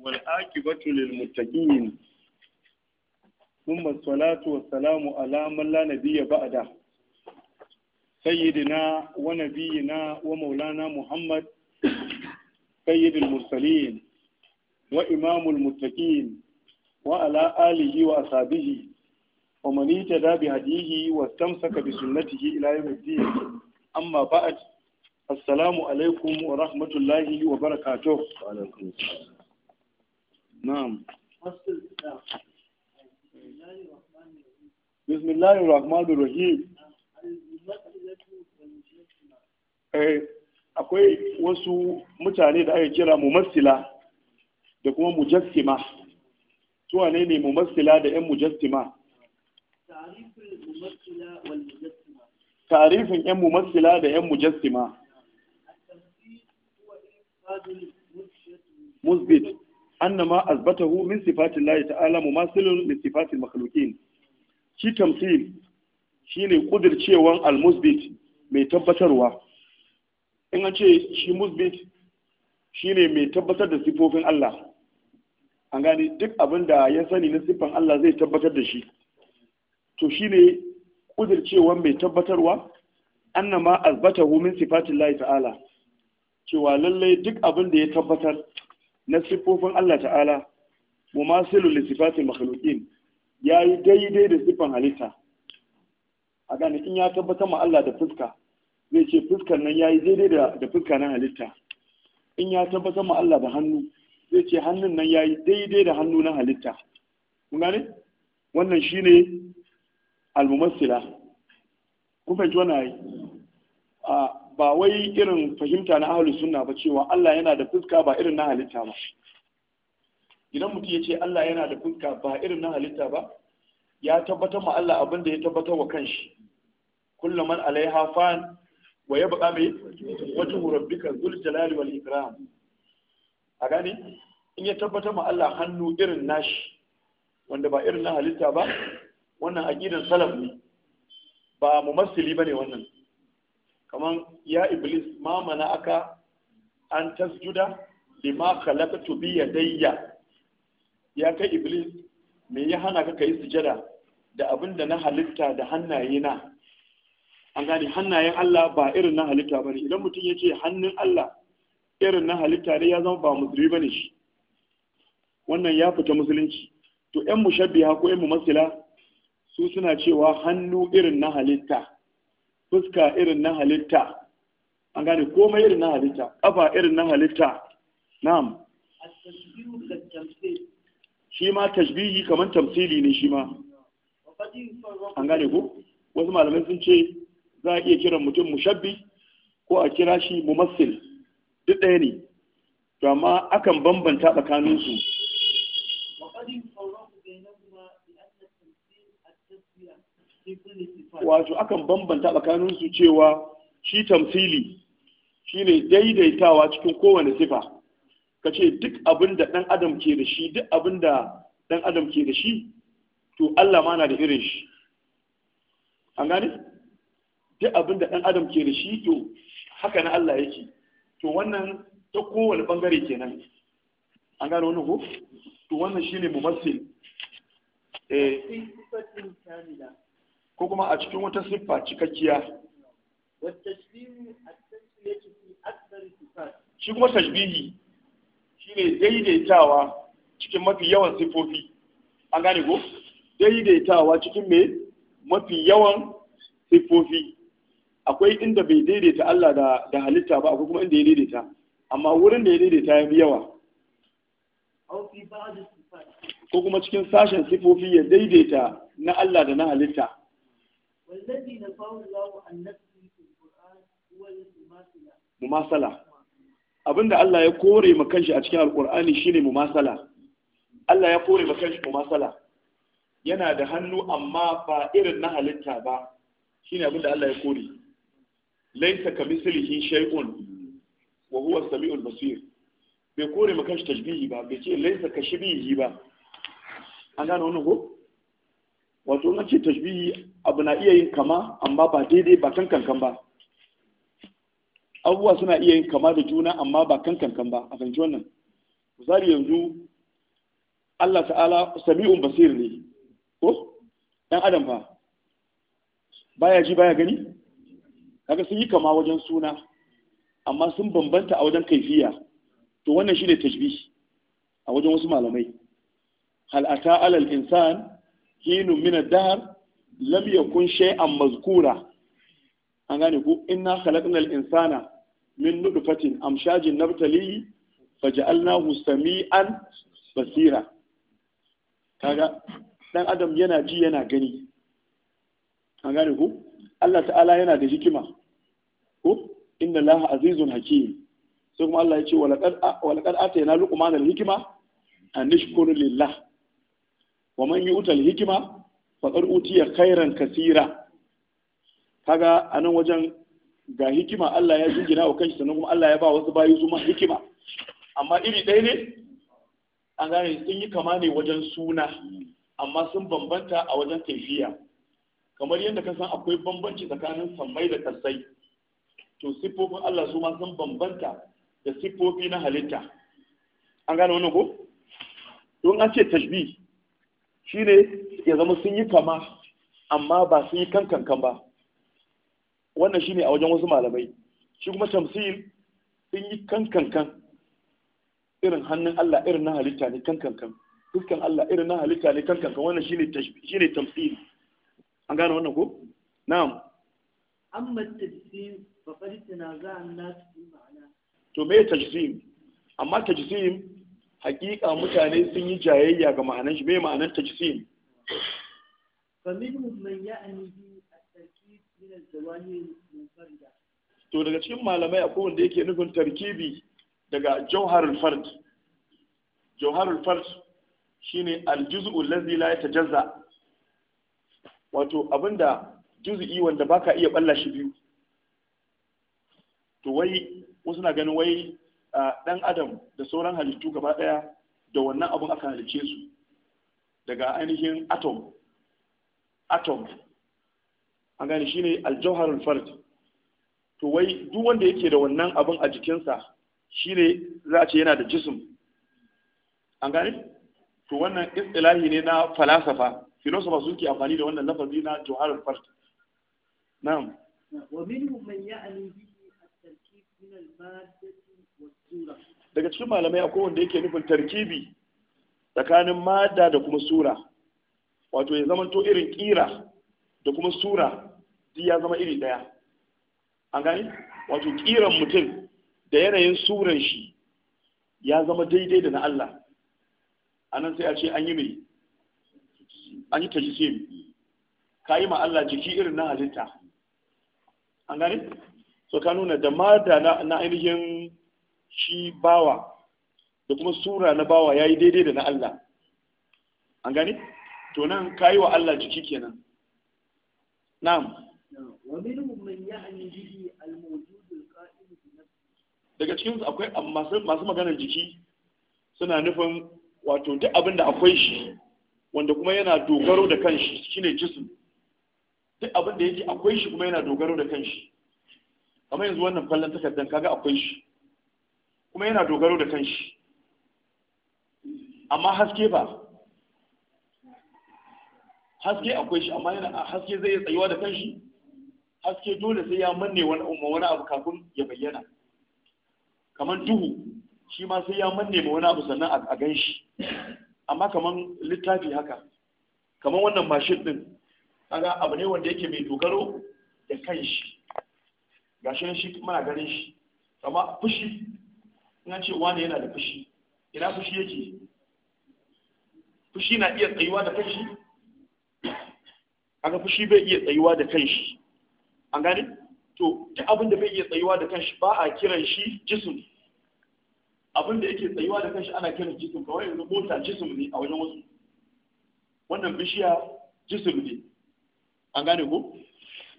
والعاقبه للمتقين ثم الصلاه والسلام على من لا نبي بعده سيدنا ونبينا ومولانا محمد سيد المرسلين وامام المتقين وعلى اله واصحابه ومن اتبع بهديه واستمسك بسنته الى يوم الدين اما بعد assalamu alaikum wa rahmatullahi wa barakato. na'am bismillahir rahmanir rahim eh akwai wasu mutane da ake kira mumassila da kuma mujassima suwa ne ne mumassila da ƴan mujassima tarifin yan mumassila da ƴan mujassima مثبت annama ما min sifatin صفات ta'ala تعالى مماثل sifatil makhluqin shi tamthil shine kudircewan قدر شيوان mai tabbatarwa in an ce shi musbit mai tabbatar da sifofin Allah an gane duk abin da ya sani na siffan Allah zai tabbatar da shi to ne ƙudircewa mai tabbatarwa annama azbatahu min sifatin ta'ala cewa lallai duk abin da ya tabbatar na siffofin Allah ta'ala mu ma da li sifatil ya yi daidai da siffan halitta a gane in ya tabbatar ma Allah da fuska zai ce fuskar nan ya yi daidai da fuska na halitta in ya tabbatar ma Allah da hannu zai ce hannun nan ya yi daidai da hannu na halitta kun gane wannan shine al-mumassila kun fahimci wannan ba wai irin fahimta na ahalus suna ba cewa Allah yana da fuska ba irin na halitta ba idan mutum ya ce Allah yana da fuska ba irin na halitta ba ya tabbatar ma Allah abin da ya tabbatar wa kanshi kullum man alaiha fan wa yabqa bi wajhu rabbika zul jalali wal ikram a gane in ya tabbatar ma Allah hannu irin nashi wanda ba irin na halitta ba wannan aqidan salaf ne ba mumassili bane wannan kaman ya iblis mamana aka an tasjuda lima khalaqtu bi yadayya ya kai iblis me ya hana ka kai sujada da abin da na halitta da hannayena an gane hannayen Allah ba irin na halitta bane idan mutum ya ce hannun Allah irin na halitta ne ya zama ba musulmi bane shi wannan ya fita musulunci to ƴan mushabbiha ko ƴan mumassila su suna cewa hannu irin na halitta fuska irin na halitta an gane komai irin na halitta kafa irin na halitta na'am shi ma tashbihi kamar tamsili ne shi ma an gane ko wasu malamai sun ce za a iya kiran mutum mushabbi ko a kira shi mumassil duk ɗaya ne to amma akan bambanta tsakaninsu wato akan bambanta tsakanin su cewa shi tamsili shine daidaitawa cikin kowane sifa Ka ce duk abin da dan adam ke da shi duk abin da dan adam ke da shi to Allah ma na da irin shi an gane duk abin da dan adam ke da shi to haka na Allah yake to wannan ta kowane bangare kenan an gane wani ko to wannan shine mu eh ko kuma a cikin wata siffa cikakkiya shi kuma tashbihi shine daidaitawa cikin mafi yawan siffofi an gane ko daidaitawa cikin me mafi yawan siffofi akwai inda bai daidaita Allah da, da halitta ba akwai kuma inda ya daidaita amma wurin da ya daidaita ya fi yawa ko kuma cikin sashen sifofi ya daidaita na Allah da na halitta والذي نفاه الله عن نفسه في القرآن هو المماثلة مماثلة abinda Allah ya kore ma kanshi a cikin alkur'ani shine mumasala Allah ya kore ma kanshi mumasala yana da hannu amma ba irin na halitta ba shine abinda Allah ya kore laisa kamislihi shay'un wa huwa samiul basir bai kore ma kanshi tashbihi ba bai ce laisa ka shibihi ba an gane wannan ko wato nan ce tashbihi abu na iya yin kama amma ba daidai ba kan kankan ba abubuwa suna iya yin kama da juna amma ba kan kankan ba a fahimci wannan misali yanzu Allah ta'ala sami'un basir ne ko dan adam Ba baya ji baya gani kaga sun yi kama wajen suna amma sun bambanta a wajen kaifiya to wannan shine tashbihi a wajen wasu malamai hal ata alal insan hinu mina dahar lam yakun shay'an mazkura an gane ku inna khalaqnal insana min nutfatin amshajin nabtali faj'alnahu sami'an basira kaga dan adam yana ji yana gani an gane ku Allah ta'ala yana da hikima ko inna laha azizun hakim sai kuma Allah ya ce walaqad walaqad atayna luqmana al-hikma an nashkuru lillah wa man yu'tal hikima faqad utiya khairan kasira kaga anan wajen ga hikima Allah ya jingina wa kanshi sannan kuma Allah ya ba wasu bayi zuma hikima amma iri ɗaya ne an gane sun yi kama ne wajen suna amma sun bambanta a wajen tafiya kamar yadda ka san akwai bambanci tsakanin sammai da kasai to siffofin Allah su ma sun bambanta da siffofi na halitta an gane wannan ko don an ce tajbi Shi ne ya zama sun yi kama amma ba sun yi kankankan ba wannan shi ne a wajen wasu malamai shi kuma tamsil sun yi kankankan irin hannun Allah irin na halitta ne kankankan fuskan Allah irin na halitta ne kankankan wannan shi ne tamsil an gane wannan ko na'am amma tajsim fa za a an nasu fi ma'ana to me tajsim amma tajsim hakika mutane sun yi jayayya ga ma'anan shi mai ma'anan ne. to daga cikin malamai akwai wanda yake nufin tarkibi daga jauharul fard jauharul fard shi ne aljizu ulazi la jazza. wato abinda juz'i wanda baka iya balla shi biyu to wai wasu na ganin wai dan adam da sauran halittu gaba daya da wannan abun aka halice su daga ainihin atom atom an gane shine aljawharul fard to wai duk wanda yake da wannan abun a jikinsa shine za a ce yana da jism an gane to wannan istilahi ne na falasafa filosofa suke amfani da wannan lafazi na jawharul fard na'am wa minhum man ya'ni bihi at-tarkib min al-maddati daga cikin malamai akwai wanda yake nufin tarkibi tsakanin mada da kuma sura wato ya zama to irin kira da kuma sura duk ya zama iri daya an gani wato kiran mutum da yanayin suran shi ya zama daidai da na Allah anan sai a ce an yi mai an yi tajsim ka yi ma Allah jiki irin na halitta an gani so ka nuna da mada na ainihin shi bawa da kuma sura na bawa ya yi daidai da na Allah an gani? to nan ka yi wa Allah jiki kenan na'am daga cikin akwai masu maganar jiki suna nufin wato duk abin da akwai shi wanda kuma yana dogaro da kanshi shine jism duk abin da yake akwai shi kuma yana dogaro da kanshi amma yanzu wannan fallon takardar kaga akwai shi kuma yana dogaro da kanshi amma haske ba haske akwai shi amma yana haske zai yi tsayuwa da kanshi haske dole sai ya manne wani abu kafin ya bayyana kamar duhu shi ma sai ya manne ma wani abu sannan a gan shi amma kamar littafi haka kamar wannan mashin din kaga abu ne wanda yake mai dogaro da kanshi gashi shi mana ganin shi amma fushi Ina ce wani yana da fushi ina fushi yake fushi na iya tsayuwa da kanshi aga fushi bai iya tsayuwa da kanshi an gane to duk abin da bai iya tsayuwa da kanshi ba a kiran shi jisun abin da yake tsayuwa da kanshi ana kiran jisun kawai yanzu mota jisun ne a wajen wasu wannan bishiya jisun ne an gane ko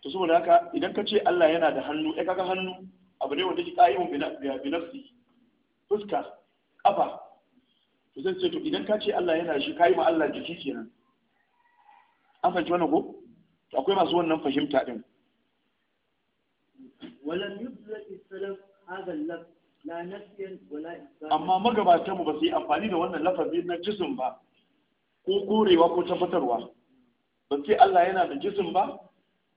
to saboda haka idan ka ce Allah yana da hannu ya kaga hannu abu ne wanda ke qa'imun bi nafsi fuska kafa to zan ce to idan ka ce Allah yana shi kai ma Allah jiki kenan an fahimci wannan ko to akwai masu wannan fahimta din walam yudrak salaf hadha al laf, la nafyan wala isbat amma magabatan mu ba su yi amfani da wannan lafazi na jism ba ko korewa ko tabbatarwa ba sai Allah yana da jism ba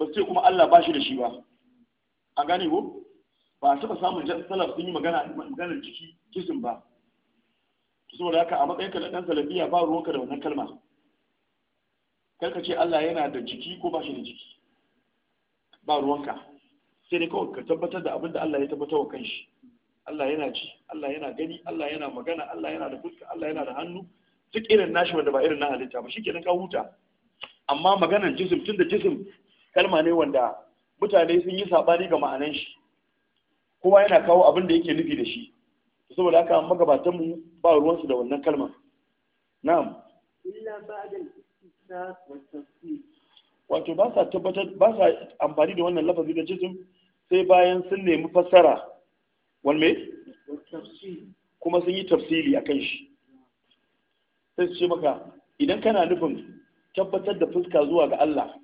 ba sai kuma Allah ba shi da shi ba a gane ko ba a taɓa samun jan salaf sun yi magana maganar jiki kisin ba saboda haka a matsayinka na ɗan salafiya ba ruwanka da wannan kalma karka ce Allah yana da jiki ko ba shi da jiki ba ruwanka sai dai kawai ka tabbatar da abin da Allah ya tabbatar wa kanshi Allah yana ci Allah yana gani Allah yana magana Allah yana da fuska Allah yana da hannu duk irin nashi wanda ba irin na halitta ba shikenan ka huta amma maganar jisim tun da jism kalma ne wanda mutane sun yi sabani ga ma'anan shi kowa yana kawo abin da yake nufi da shi saboda haka magabatan mu ba ruwansu da wannan kalma na'am illa wato ba sa tabbatar ba sa amfani da wannan lafazi da jism sai bayan sun nemi fassara wal me kuma sun yi tafsiri akan shi sai su ce maka idan kana nufin tabbatar da fuska zuwa ga Allah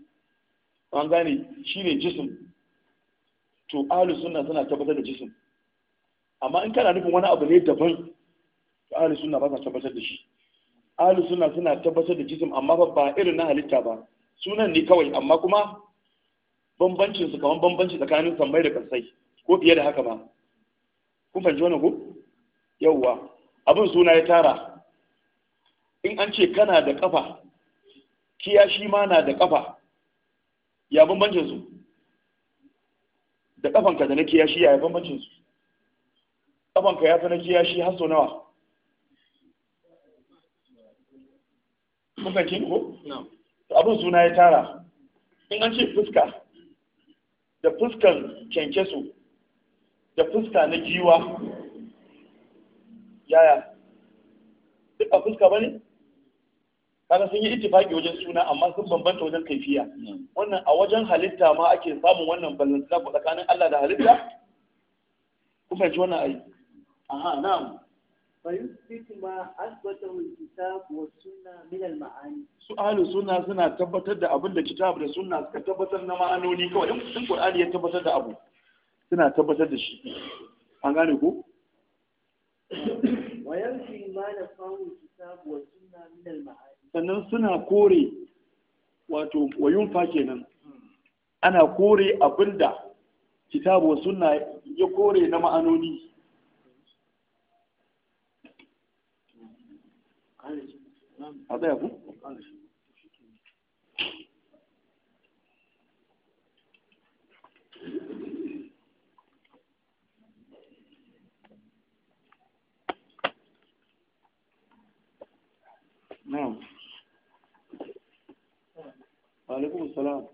an gane shine jism to ahlus sunna suna tabbatar da jisim amma in kana nufin wani abu ne daban to ahlus sunna ba sa tabbatar da shi ahlus sunna suna tabbatar da jisim amma ba irin na halitta ba sunan ne kawai amma kuma bambancin su kamar bambanci tsakanin sammai da kansai ko fiye da haka ma kun fahimci wannan ko yawwa abin suna ya tara in an ce kana da kafa kiya shi ma na da kafa ya bambancin su da kafanka da na kiyashi ya bambancin su kafanka ya fi na kiyashi har sau nawa kuka ce ko abin suna ya tara in an ce fuska da fuskan kyankyasu da fuska na jiwa yaya duk a fuska ba ne kaga sun yi ittifaki wajen suna amma sun bambanta wajen kaifiya hmm. wannan a wajen halitta ma ake samun wannan ballantana ko tsakanin Allah da halitta ku fahimci wannan ayi aha na'am fa yusbitu ma asbatahu al-kitab wa sunna min al-ma'ani su sunna suna tabbatar da abin da kitab da sunna suka tabbatar na ma'anoni kawai in Qur'ani ya tabbatar da abu suna tabbatar da shi an gane ko wa yanfi ma na fa'u kitab wa sunna min al-ma'ani sannan suna kore wato wayunfa kenan ana kore abinda kitabu sunna ya kore na ma'anoni وعليكم السلام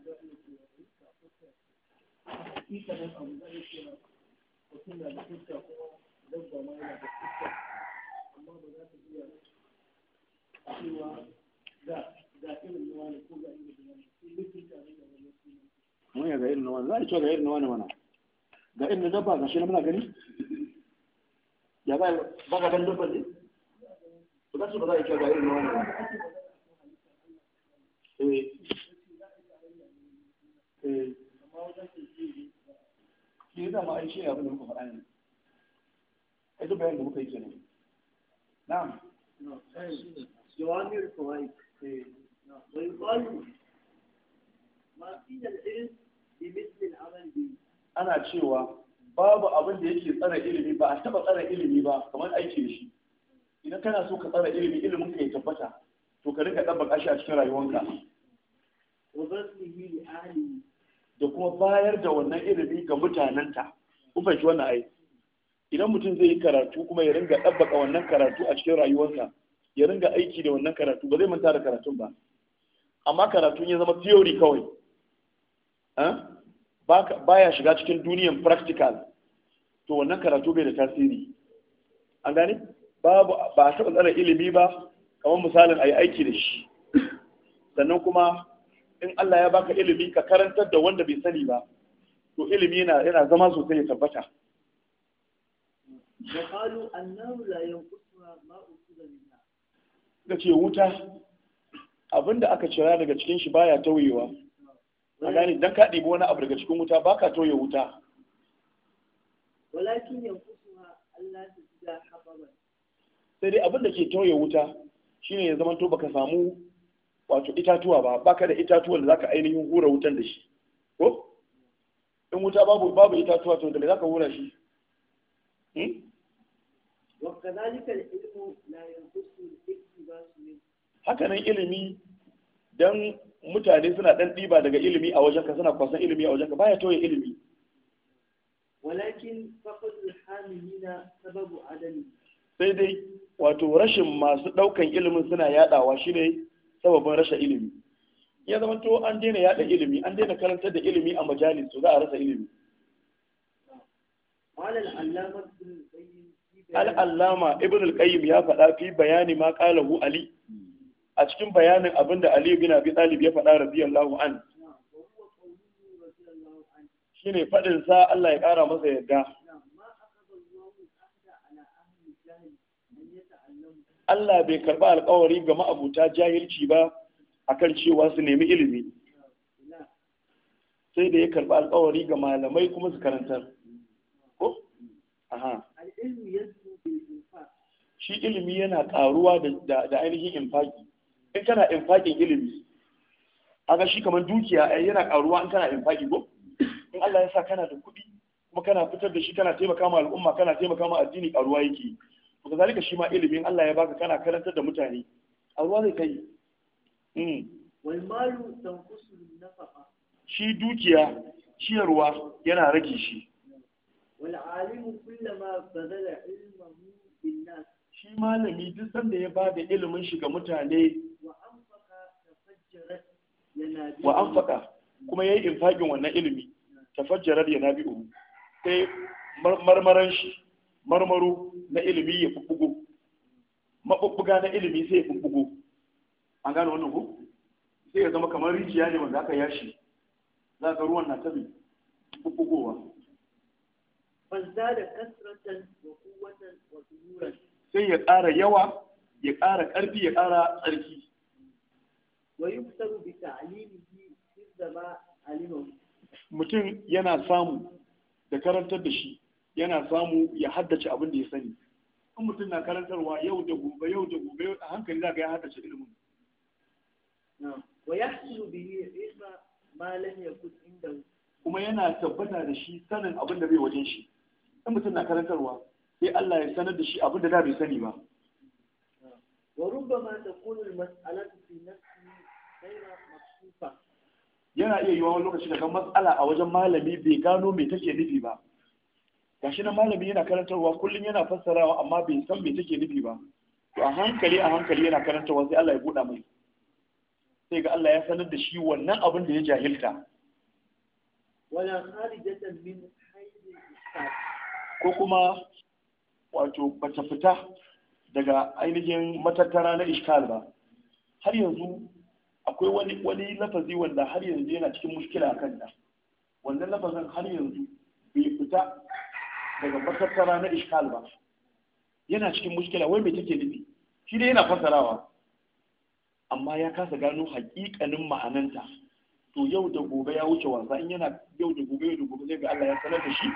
مويا غير نوان لا شو غير نوان وانا غير نجبا غشينا بلا غني يا بقى بقى بندو بدي بقى شو بقى يشوف غير نوان ايه eh dama ai shi abin da muka faɗa ne ai duk bayanin da muka yi kenan na'am jawamir fawaid wa yuqalu ma fi al-ilm bi mithl al-amal bi ana cewa babu abin da yake tsara ilimi ba a taba tsara ilimi ba kamar aiki da shi idan kana so ka tsara ilimi ilimin ka ya tabbata to ka rika dabba kashi a cikin rayuwanka wa baslihi li ahli da kuma bayar da wannan ilimi ga mutanenta kun shi wannan ai idan mutum zai yi karatu kuma ya ringa ɗabbaka wannan karatu a cikin rayuwarsa ya ringa aiki da wannan karatu ba zai manta da karatun ba amma karatun ya zama theory kawai baya shiga cikin duniyan practical to wannan karatu bai da tasiri an gane babu ba a taɓa tsara ilimi ba kamar misalin a yi aiki da shi sannan kuma in Allah ya baka ilimi ka karantar da wanda bai sani ba to ilimi yana yana zama sosai ya tabbata da qalu annahu la yanqusuha ma usila minha wuta abinda aka cira daga cikin shi baya tawayewa. a gani dan ka ɗibi wani abu daga cikin wuta baka toye wuta walakin yanqusuha Allah ta ji hababan sai dai abinda ke toye wuta shine ya zama to baka samu wato itatuwa ba baka da itatuwan da zaka ainihin hura wutan da shi ko in wuta babu babu itatuwa to da me zaka hura shi hmm? haka nan ilimi don mutane suna ɗan ɗiba daga ilimi a wajenka suna kwasan ilimi a wajenka baya toye ilimi walakin faƙul hamilina sababu adami sai dai wato rashin masu ɗaukan ilimin suna yaɗawa shi ne sababin rashin ilimi ya zama to an daina yada ilimi an daina karantar da ilimi a majalis to za a rasa ilimi al'allama ibn al-qayyim ya faɗa fi bayani ma hu ali a cikin bayanin abinda ali ibn abi talib ya faɗa radiyallahu an shine faɗin sa Allah ya ƙara masa yadda Allah bai karba alkawari ga ma'abuta jahilci ba akan cewa su nemi ilimi sai da ya karba alkawari ga malamai kuma su karantar ko aha shi ilimi yana karuwa da ainihin infaki in kana infakin ilimi aga shi kamar dukiya eh, yana karuwa in kana infaki ko in Allah ya sa kana da kuɗi kuma kana fitar da shi kana taimaka ma al'umma kana taimaka ma addini karuwa yake ba zalika shi ma ilimin Allah ya baka kana karantar da mutane a ruwa zai kai hmm. wai malu tanqusu nafafa shi dukiya ciyarwa yana rage shi wal alimu kullama badala ilmuhu bin nas shi malami duk sanda ya bada ilimin shi ga mutane wa anfaqa tafajjara yana wa anfaqa kuma yayi infakin wannan ilimi tafajjara yana bi'u sai marmaran shi marmaro na ilimi ya bubbugo Maɓuɓɓuga na ilimi sai ya bubbugo an gane wannan ko sai ya zama kamar rijiya ne wanda aka yashi za ka ruwan na tabi bubbugowa fazada kasratan wa quwwatan wa zuhuran sai ya ƙara yawa ya ƙara ƙarfi ya ƙara tsarki wa yuktaru bi ta'limihi zama alimu mutum yana samu da karantar da shi yana samu ya haddace abin da ya sani in mutum na karantarwa yau da gobe yau da gobe a hankali za ka ya haddace ilimin wa yahsulu bihi ilma ma lam yakun da kuma yana tabbata da shi sanin abin da bai wajen shi in mutum na karantarwa sai Allah ya sanar da shi abin da da bai sani ba yana iya yiwuwa wani lokaci kan matsala a wajen malami bai gano me take nufi ba gashi na malami yana karantarwa kullum yana fassarawa amma bai san me take nufi ba to a hankali a hankali yana karantarwa sai Allah ya buɗa mai sai ga Allah ya sanar da shi wannan abin da ya jahilta wala kharijatan min hayyil ko kuma wato bata fita daga ainihin matattara na iskal ba har yanzu akwai wani wani lafazi wanda har yanzu yana cikin mushkila a kanta wannan lafazin har yanzu bai fita daga makassara na ishkal ba yana cikin mushkila wai me take nufi shi dai yana fassarawa amma ya kasa gano haƙiƙanin ma'ananta to yau da gobe ya wuce wasa in yana yau da gobe yau da gobe zai ga Allah ya sanar da shi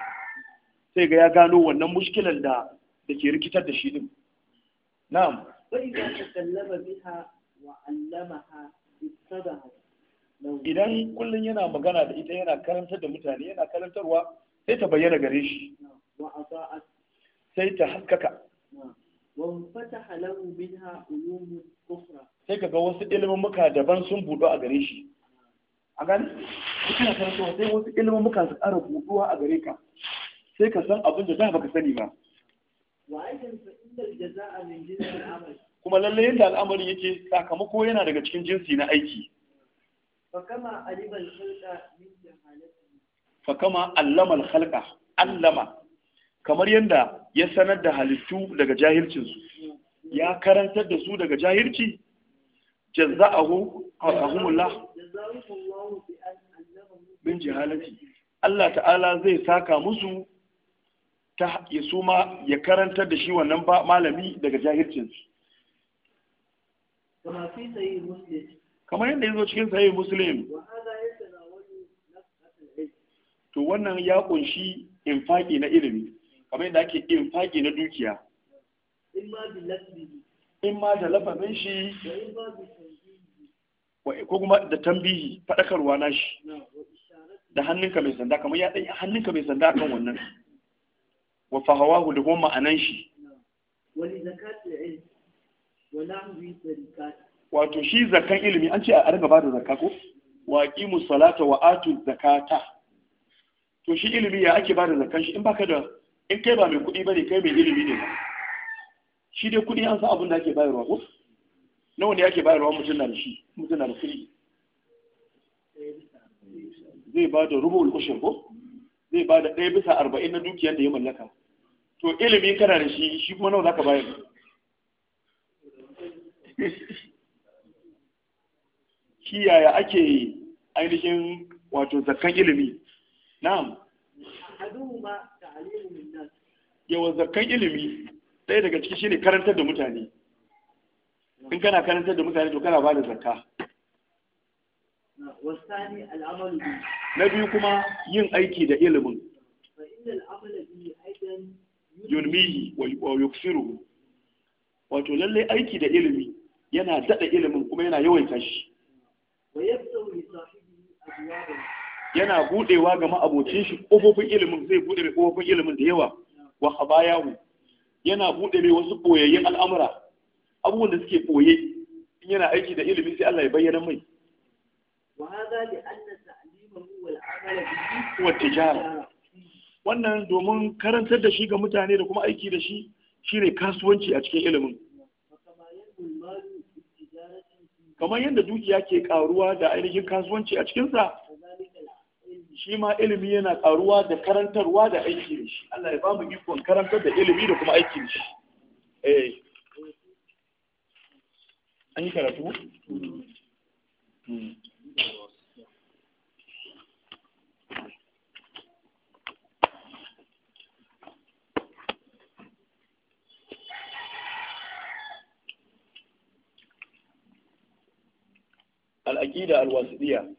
sai ga ya gano wannan mushkilan da da ke rikitar da shi din na'am wa idan kullum yana magana da ita yana karantar da mutane yana karantarwa sai ta bayyana gare shi sai ta haskaka wa fataha lahu wasu ilimin daban sun budu a gare shi a gani sai wasu su ƙara buduwa a gare ka sai ka san abin da da baka sani ba kuma lalle yadda al'amari yake sakamako yana daga cikin jinsi na aiki fakama allama halka, allama kamar yadda ya sanar da halittu daga jahilcinsu ya karantar da su daga jahilci jazza'ahu ahumullah bin jahalati Allah ta'ala zai saka musu ta ya suma ya karantar da shi wannan malami daga jahilcinsu kamar yadda ya zo cikin sahih muslim to wannan ya kunshi infaki na ilimi kamar yadda ake infaki na dukiya in ma da lafazin shi ko kuma da tambihi faɗakarwa na shi da hannunka mai sanda kamar ya ɗaya hannunka mai sanda kan wannan wa fahawahu da kuma ma'anan shi wato shi zakan ilimi an ce a riga ba da zakka ko wa aqimu salata wa atu zakata to shi ilimi ya ake ba da zakkan shi in baka da in kai ba mai kuɗi ba ne kai mai ilimi ne shi dai kuɗi an san abin da ake bayarwa ko nawa ne ake bayarwa mutum na da shi mutum na da kudi zai ba da rubu ulkushin ko zai ba da ɗaya bisa arba'in na dukiyar da ya mallaka to ilimi kana da shi shi kuma nawa zaka bayar shi yaya ake ainihin wato zakkan ilimi na'am yawan zakkan ilimi ɗaya daga ciki shine karantar da mutane in kana karantar da mutane to kana ba da zakka na biyu kuma yin aiki da ilimin yulmihi wa yuksiru wato lallai aiki da ilimi yana daɗa ilimin kuma yana yawaita shi yana budewa ga ma'abocin shi kofofin ilimin zai bude mai kofofin ilimin da yawa wa khabayahu yana bude mai wasu koyayyen al'amura abubuwan da suke boye in yana aiki da ilimi sai Allah ya bayyana mai wa hada wannan domin karantar da shi ga mutane da kuma aiki da shi shine kasuwanci a cikin ilimin kamar yadda dukiya ke karuwa da ainihin kasuwanci a cikinsa shi ma ilimi yana karuwa da karantarwa da aiki da shi Allah ya bamu ikon karantar da ilimi da kuma aiki da shi eh an yi karatu hmm. al الواسطية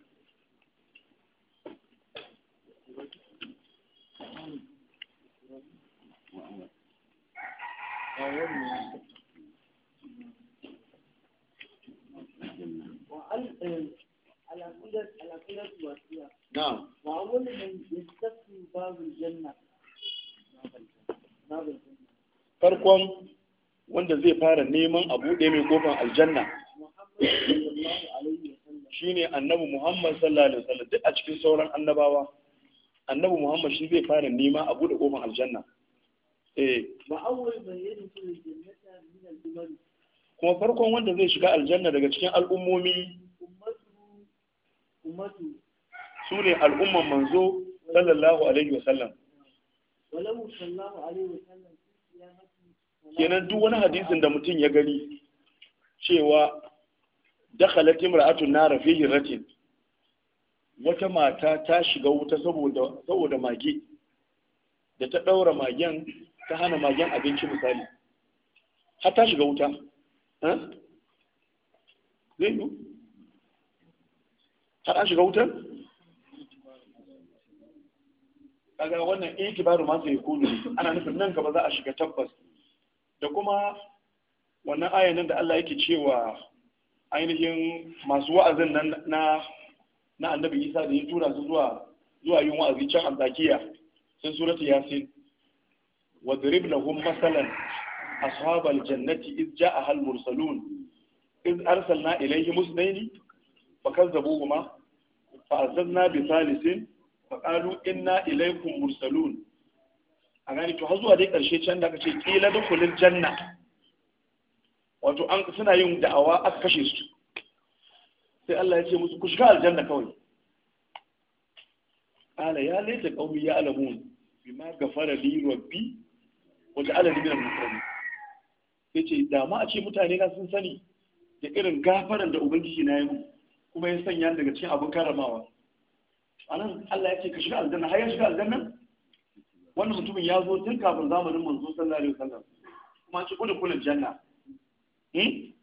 zai fara neman a buɗe mai kofan aljanna shine annabi Muhammad sallallahu alaihi duk a cikin sauran annabawa annabi Muhammad shi zai fara nema a buɗe kofan aljanna eh. kuma farkon wanda zai shiga aljanna daga cikin al'ummomi su ne al'umman manzo sallallahu alaihi wasallam kenan duk wani hadisin da mutum ya gani cewa dakhalat imra'atun nar fi hiratin wata mata ta shiga wuta saboda saboda mage da ta daura magen ta hana magen abinci misali har ta shiga wuta zai yi har an shiga wutar kaga wannan itibaru ma sai ana nufin nan gaba za a shiga tabbas da kuma wannan ayan nan da Allah yake cewa ainihin masu wa'azin nan na na annabi Isa da ya tura su zuwa zuwa yin wa'azi can Antakiya sun suratu Yasin wadrib lahum masalan ashabal jannati iz ja'aha al mursalun iz arsalna ilayhim musnaini fakazzabuhuma fa'azzazna bi thalithin faqalu inna ilaykum mursalun a gani to har zuwa dai ƙarshe can da aka ce ƙila da kulin janna wato an suna yin da'awa aka kashe su sai Allah ya ce musu ku shiga aljanna kawai ala ya laita qaumi ya alamun bima gafara li rabbi wa ja'ala li min al sai ce da ma a ce mutane na sun sani da irin gafaran da ubangiji na yi kuma ya sanya daga cikin abin karamawa anan Allah ya ce ka shiga aljanna har ya shiga aljanna wannan mutumin ya zo tun kafin zamanin manzo sallallahu alaihi wasallam kuma ci kullu kullu janna hmm?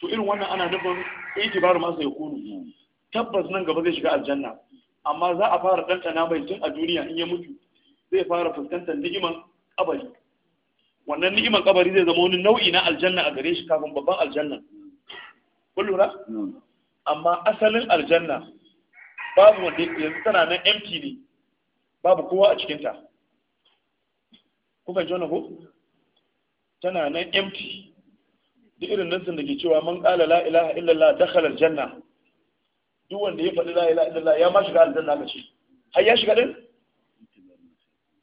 to irin wannan ana nufin itibaru masa ya kunu tabbas nan gaba zai shiga aljanna amma za a fara ɗanɗana mai tun a duniya in ya mutu zai fara fuskantar ni'iman kabari wannan ni'iman kabari zai zama wani nau'i na aljanna a gare shi kafin babban aljanna kun lura amma asalin aljanna babu wanda yanzu tana nan empty ne babu kowa a cikinta kuka ji wani ko tana nan empty duk irin nassin da ke cewa man qala la ilaha illallah dakhala aljanna duk wanda ya faɗi la ilaha illallah ya ma shiga aljanna ka ce har ya shiga din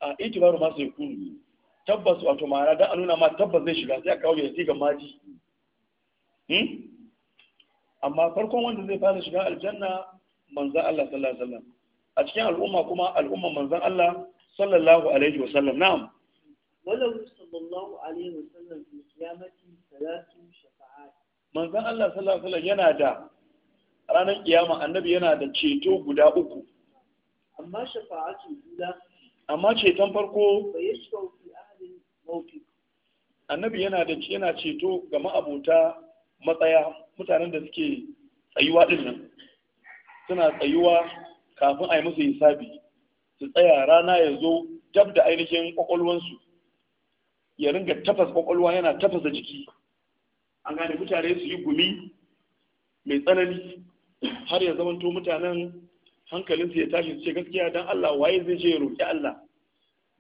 a itibaru ma sai kunu tabbas wato ma'ana dan a nuna ma tabbas zai shiga sai a kawo ya ga maji hmm? amma farkon wanda zai fara shiga aljanna manzan Allah sallallahu alaihi wasallam a cikin al'umma kuma al'umma manzan Allah sallallahu alaihi wasallam na'am walau sallallahu alaihi wasallam fi qiyamati salatu shafa'at manzon Allah sallallahu alaihi yana da ranar kiyama annabi yana da ceto guda uku amma shafa'atu guda amma ceton farko annabi yana da yana ceto ga ma'abota matsaya mutanen da suke tsayuwa din nan suna tsayuwa kafin a yi musu hisabi su tsaya rana ya zo dab da ainihin kwakwalwansu ya ringa tafas kwakwalwa yana tafasa jiki an gane mutane su yi gumi mai tsanani har ya zamanto mutanen hankalinsu ya tashi su ce gaskiya don Allah waye zai je ya roƙi Allah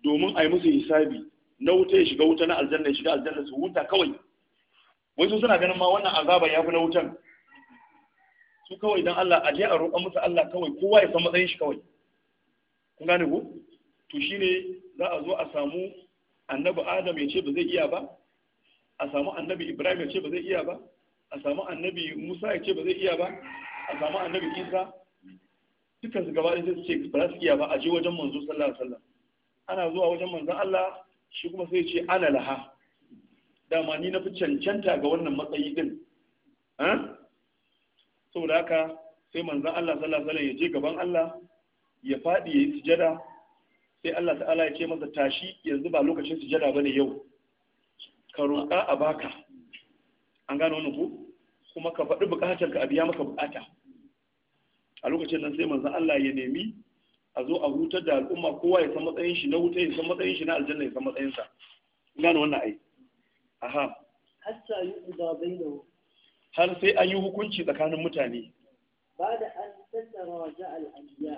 domin a yi musu hisabi na wuta ya shiga wuta na aljanna ya shiga aljanna su huta kawai su suna ganin ma wannan azaba ya fi na wutan su kawai don Allah a je a roƙa musu Allah kawai kowa ya san matsayin shi kawai kun gane ko to shine za a zo a samu annabi adam ya ce ba zai iya ba a samu annabi ibrahim ya ce ba zai iya ba a samu annabi musa ya ce ba zai iya ba a samu annabi isa dukkan su gaba sai su ce ba su iya ba a je wajen manzo sallallahu alaihi wasallam ana zuwa wajen manzon Allah shi kuma sai ce ana laha dama ni na fi cancanta ga wannan matsayi din saboda haka sai manzon Allah sallallahu alaihi wasallam ya je gaban Allah ya faɗi ya yi sujada sai Allah ta'ala ya ce masa tashi yanzu ba lokacin sujada bane yau ka roƙa a baka an gano wannan ku kuma ka faɗi buƙatar ka a biya maka buƙata a lokacin nan sai manzon Allah ya nemi a zo a hutar da al'umma kowa ya san matsayin shi na wuta ya san matsayin shi na aljanna ya san matsayin sa gano wannan ai aha hatta da bayyana har sai an yi hukunci tsakanin mutane ba da an tattara wa ja'al anbiya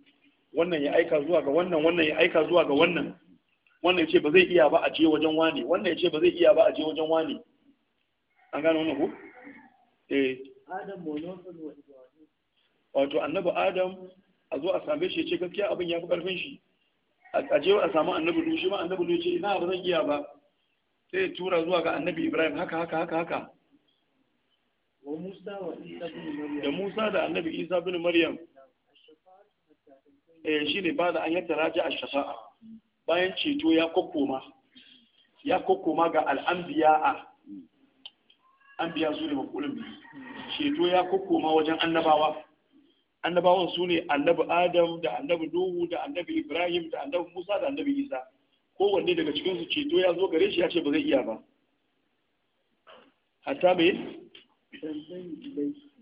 wannan ya aika zuwa ga wannan wannan ya aika zuwa ga wannan wannan ya ce ba zai iya ba a je wajen wani wannan ya ce ba zai iya ba a je wajen wani an gane wannan ku eh adam wato annabi adam a zo a same shi ya ce gaskiya abin ya fi karfin shi a je a samu annabi dushi ma annabi lu ya ce ina ba zan iya ba sai tura zuwa ga annabi ibrahim haka haka haka haka da musa da annabi isa bin maryam Eh, shi ne ba da an yadda raja a shafa'a bayan ceto ya kokoma ya kokoma ga al'ambiya a anbiya su ne makulun biyu ceto ya kokoma wajen annabawa annabawan su ne annabi adam da annabi nuhu da annabi ibrahim da annabi musa da annabi isa kowanne daga cikinsu ceto ya zo gare shi ya ce ba zai iya ba hatta mai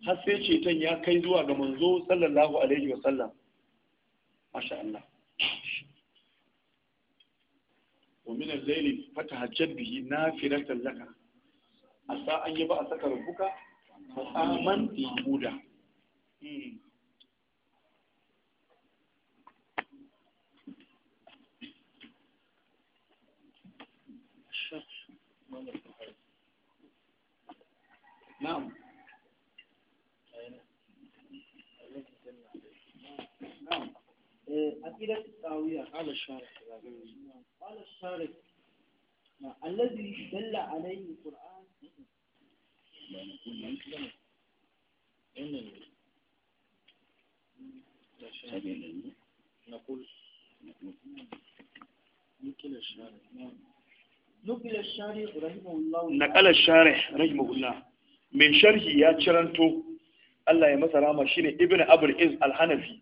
har sai ceton ya kai zuwa ga manzo sallallahu alaihi wasallam masha Allah wa min al-layli fatahajjad bihi nafilatan laka asa an yi ba a saka rubuka fa aman bi buda قال الشارح قال الشارح الذي دل عليه القرآن نقول نقل الشارح نعم. نقل الشارح رحمه الله نقل الشارح رحمه الله من شرحه يا شرنتو الله يمسى رحمه شيني ابن أبو الإز الحنفي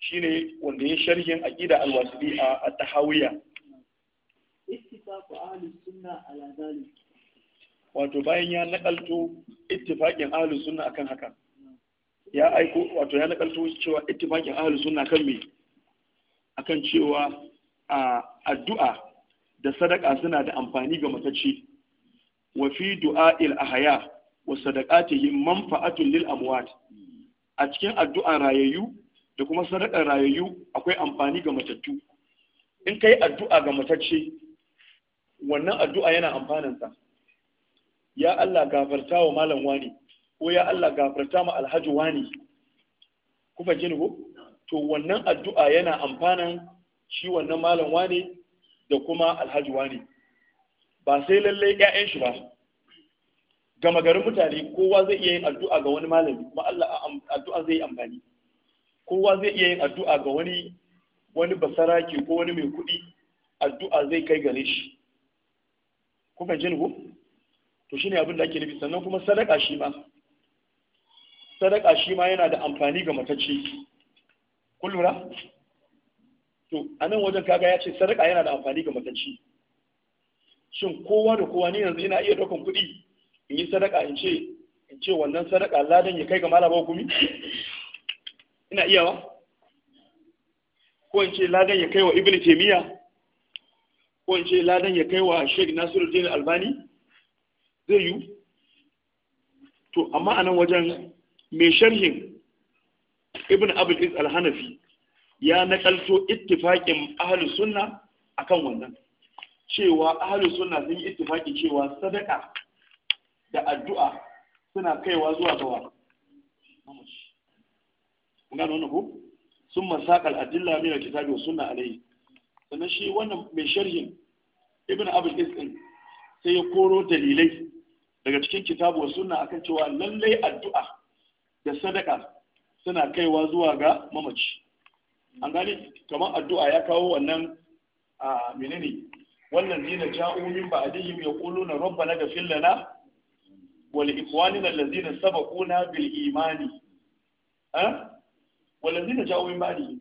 shine wanda ya sharhin aqida al a tahawiyya ittifaqu ahli sunna ala wato bayan ya nakalto ittifaqin ahli sunna akan haka ya aiko wato ya nakalto cewa ittifaqin ahli sunna kan me akan cewa a addu'a da sadaka suna da amfani ga matacce wa fi du'a'il ahya wa sadaqatihim manfa'atun lil amwat a cikin addu'a rayayyu da kuma sadakar rayayyu akwai amfani ga matattu in kai addu'a ga matacce wannan addu'a yana sa. ya Allah gafarta wa malam wani ko ya Allah gafarta ma alhaji wani ku fahimci ni ko to wannan addu'a yana amfanan shi wannan malam wani da kuma alhaji wani ba sai lallai ƴaƴan shi ba gama garin mutane kowa zai iya yin addu'a ga wani malami kuma Allah addu'a zai yi amfani kowa zai iya yin addu'a ga wani wani basaraki ko wani mai kuɗi addu'a zai kai gare shi kuka jin ku to shine abin da ake nufi sannan kuma sadaka shi ma sadaka shi ma yana da amfani ga matacce kun lura to a nan wajen kaga ya ce sadaka yana da amfani ga matacce shin kowa da kowa ne yanzu ina iya ɗaukan kuɗi in yi sadaka in ce in ce wannan sadaka ladan ya kai ga malaba gumi? ina iya wa? Kowace ladan ya kai wa ibn temiya Kowace ladan ya kai wa sheikh nasiruddin albani zai yi to amma anan wajen mai sharhin ibn abul is al-hanafi ya nakalto ittifaqin suna sunna akan wannan cewa ahlus sunna sun yi ittifaqi cewa sadaka da addu'a suna kaiwa zuwa gawa. gano wani ku sun masakal adilla da kitabi wa sunna alayhi sannan shi wannan mai sharhin ibn abu isqin sai ya koro dalilai daga cikin kitabu wa sunna akan cewa lallai addu'a da sadaka suna kaiwa zuwa ga mamaci an gane kamar addu'a ya kawo wannan a menene wannan zina ja'u min ba'dihim yaquluna rabbana ghfir lana wa li ikhwanina allazina sabaquna bil imani ha eh? wallazi da jawo min bani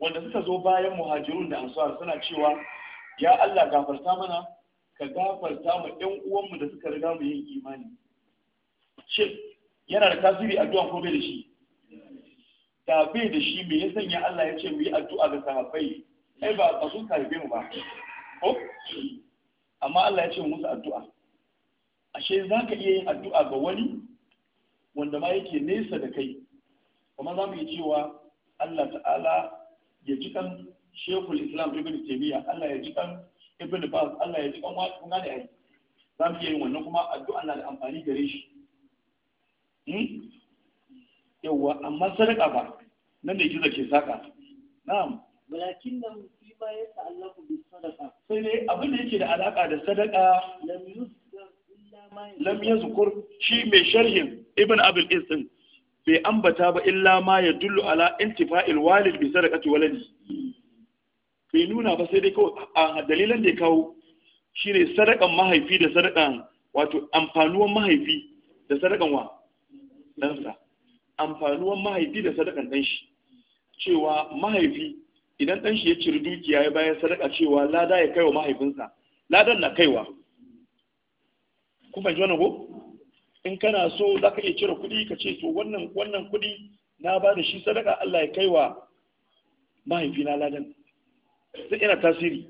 wanda suka zo bayan muhajirun da ansar suna cewa ya Allah gafarta mana ka gafarta mu ɗan uwanmu da suka riga mu yin imani shi yana da tasiri addu'a ko bai da shi da bai da shi me ya sanya Allah ya ce mu yi addu'a ga sahabbai ai ba ba sun sahibe mu ba ko amma Allah ya ce musu addu'a ashe za ka iya yin addu'a ga wani wanda ma yake nesa da kai kuma za mu yi cewa Allah ta'ala ya ji kan shekul islam ibn tabiya Allah ya ji kan ibn baz Allah ya ji kan wasu kuna da yayi za mu iya yin wannan kuma addu'a na da amfani gare shi hmm? yawwa amma sadaka ba nan da kiza ke saka na'am walakin nan fi ma ya ta'allaku bi sadaka sai ne abin da yake da alaka da sadaka lam yuzkur lam yuzkur shi mai sharhin ibn abul isin bai ambata ba illa ma ya dullu ala intifa'il walid bi sadaqati waladi bai nuna ba sai dai kawai a dalilan da ya kawo shine sadakan mahaifi da sadakan wato amfanuwan mahaifi da sadakan wa ɗansa amfanuwan mahaifi da sadakan ɗan shi cewa mahaifi idan ɗan shi ya ciri dukiya ya bayar sadaka cewa lada ya kai wa mahaifinsa ladan na kaiwa ku fahimci wannan ko in kana so za ka iya cire kuɗi ka ce to wannan wannan kuɗi na ba da shi sadaka Allah ya kai wa mahaifina ladan sai yana tasiri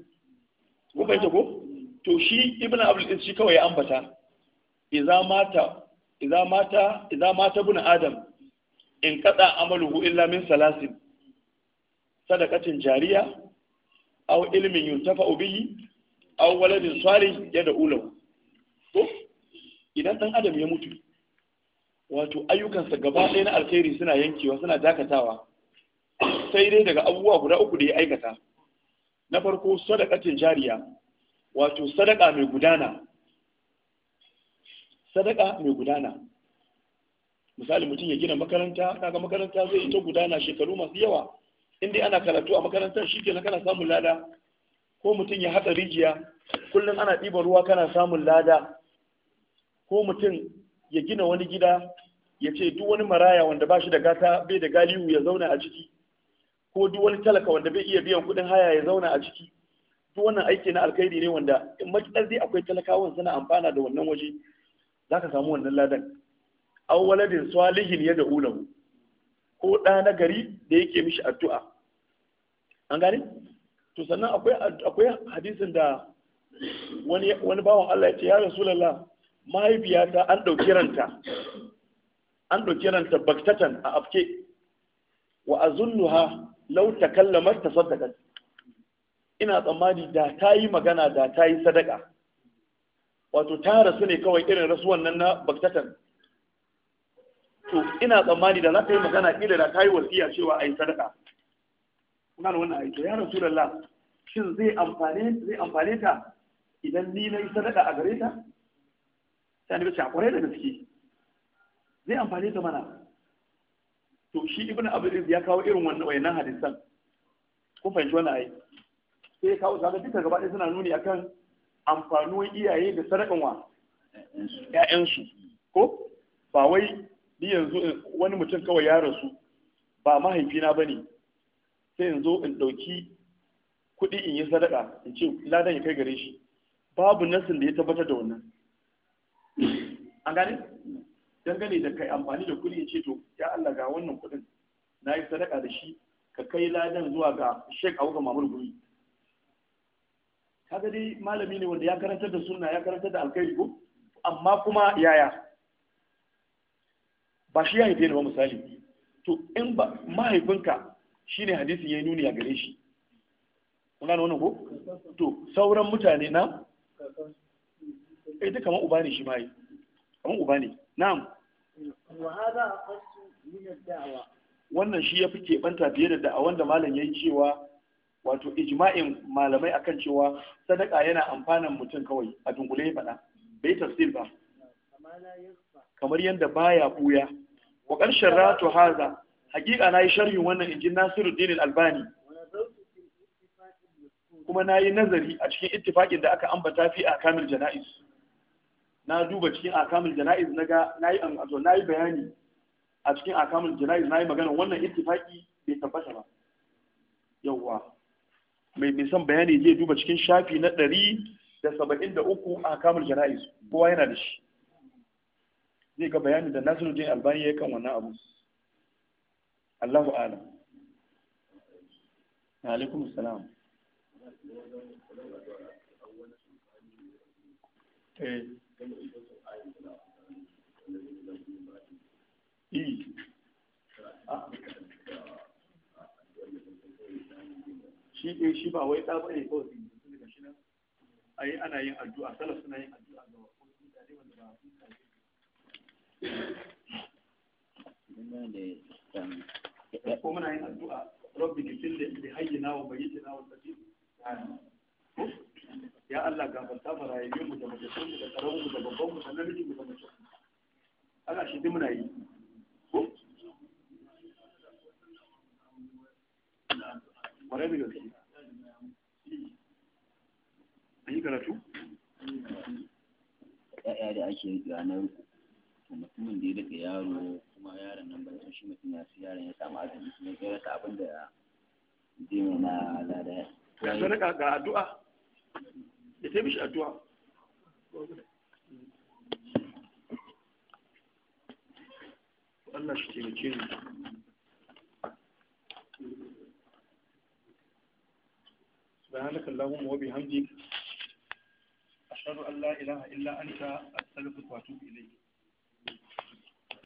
ko kai ko to shi Ibn abul din shi kawai ya ambata idza mata idza mata idza mata ibn adam in kada amaluhu illa min salasin sadaqatin jariya aw ilmin yuntafa bihi aw waladin salih yada ulahu idan ɗan adam ya mutu wato ayyukansa gaba ɗaya na alkhairi suna yankewa suna dakatawa sai dai daga abubuwa guda uku da ya aikata na farko sadakatin jariya wato sadaka mai gudana sadaka mai gudana misali mutum ya gina makaranta kaga makaranta zai ita gudana shekaru masu yawa inda ana karatu a makarantar shi kenan kana samun lada ko mutum ya haɗa rijiya kullum ana ɗiban ruwa kana samun lada ko mutum ya gina wani gida ya ce duk wani maraya wanda ba shi da gata bai da galihu ya zauna a ciki ko duk wani talaka wanda bai iya biyan kuɗin haya ya zauna a ciki duk wannan aiki na alkhairi ne wanda in matuƙar zai akwai talakawan suna amfana da wannan waje za ka samu wannan ladan aw waladin salihin ya da lahu ko ɗa na gari da yake mishi addu'a an gane to sannan akwai akwai hadisin da wani wani bawan Allah ya ce ya rasulullah mahaifiyata an ɗauki ranta an ɗauki ranta baktatan a afke wa a ta kallamar ta sadaka ina tsammani da ta yi magana da ta yi sadaka wato ta rasu ne kawai irin rasuwan nan na baktatan to ina tsammani da za ta yi magana ila da ta yi wasiya cewa a yi sadaka kuma wannan aiki ya rasu shin zai amfane ta idan ni na yi sadaka a gare ta sai annabi ce a da gaske zai amfani ta mana to shi ibn abdul ya kawo irin wannan wayannan hadisan kun fahimci wannan ai sai ya kawo zaga duka gaba ɗaya suna nuni akan amfanuwar iyaye da sarakan wa su ko ba wai ni yanzu eh, wani mutum kawai ya rasu ba mahaifina bane sai in zo in ɗauki kuɗi in yi sadaka in ce ladan ya kai gare shi babu nasin da ya tabbatar da wannan an gane dangane da kai amfani da kuɗi ce to ya Allah ga wannan kuɗin na yi sadaka da shi ka kai ladan zuwa ga Sheikh Abubakar Mamur Guri kaga dai malami ne wanda ya karantar da sunna ya karantar da alkhairi ko amma kuma yaya ba shi ya haife ni ba misali to in ba mahaifinka shine hadisin yayi nuni a gare shi kun gane wannan ko to sauran mutane na eh duka ma uba ne shi mai kan uba ne na'am wa hada min ad wannan shi yafi keɓanta fiye da da'awan da malam yi cewa wato ijma'in malamai akan cewa sadaka yana amfanan mutum kawai a dunkule ya faɗa bai tafsir ba kamar yadda baya buya wa ƙarshen ratu haza hakika na yi sharhin wannan Nasiru, dinin albani kuma na yi nazari a cikin ittifaƙin da aka ambata fi a kamil jana'iz na duba cikin akamul jana'iz na ga na yi na yi bayani a cikin akamul jana'iz na yi magana wannan ittifaki bai tabbata ba yawwa mai mai san bayani zai duba cikin shafi na ɗari da saba'in da uku akamul jana'iz kowa yana da shi zai ga bayani da nasiruddin albani ya kan wannan abu allahu alam alaikum assalam eh shi shi ba wai bane nan ai ana yin addu'a salaf suna yin addu'a ga wasu mutane wanda ba su kaje ko muna yin addu'a rabbi gifil li hayyina wa bayyitina wa sadid ya Allah gafarta mu rayuwar mu da mutum mu da karamu mu da babban mu da namiji mu da mutum Allah shi duk muna yi ko ware da gaske an yi karatu ya'ya da ake yi ranar mutumin da ya daga yaro kuma yaron nan ba shi mutum ya su yaron ya samu azumi ya rasa abin da zai mai na lada ya sadaka ga addu'a ya ta mishi addu'a Allah shi taimake ni سبحانك اللهم وبحمدك أشهد أن لا إله إلا أنت أستغفرك وأتوب إليك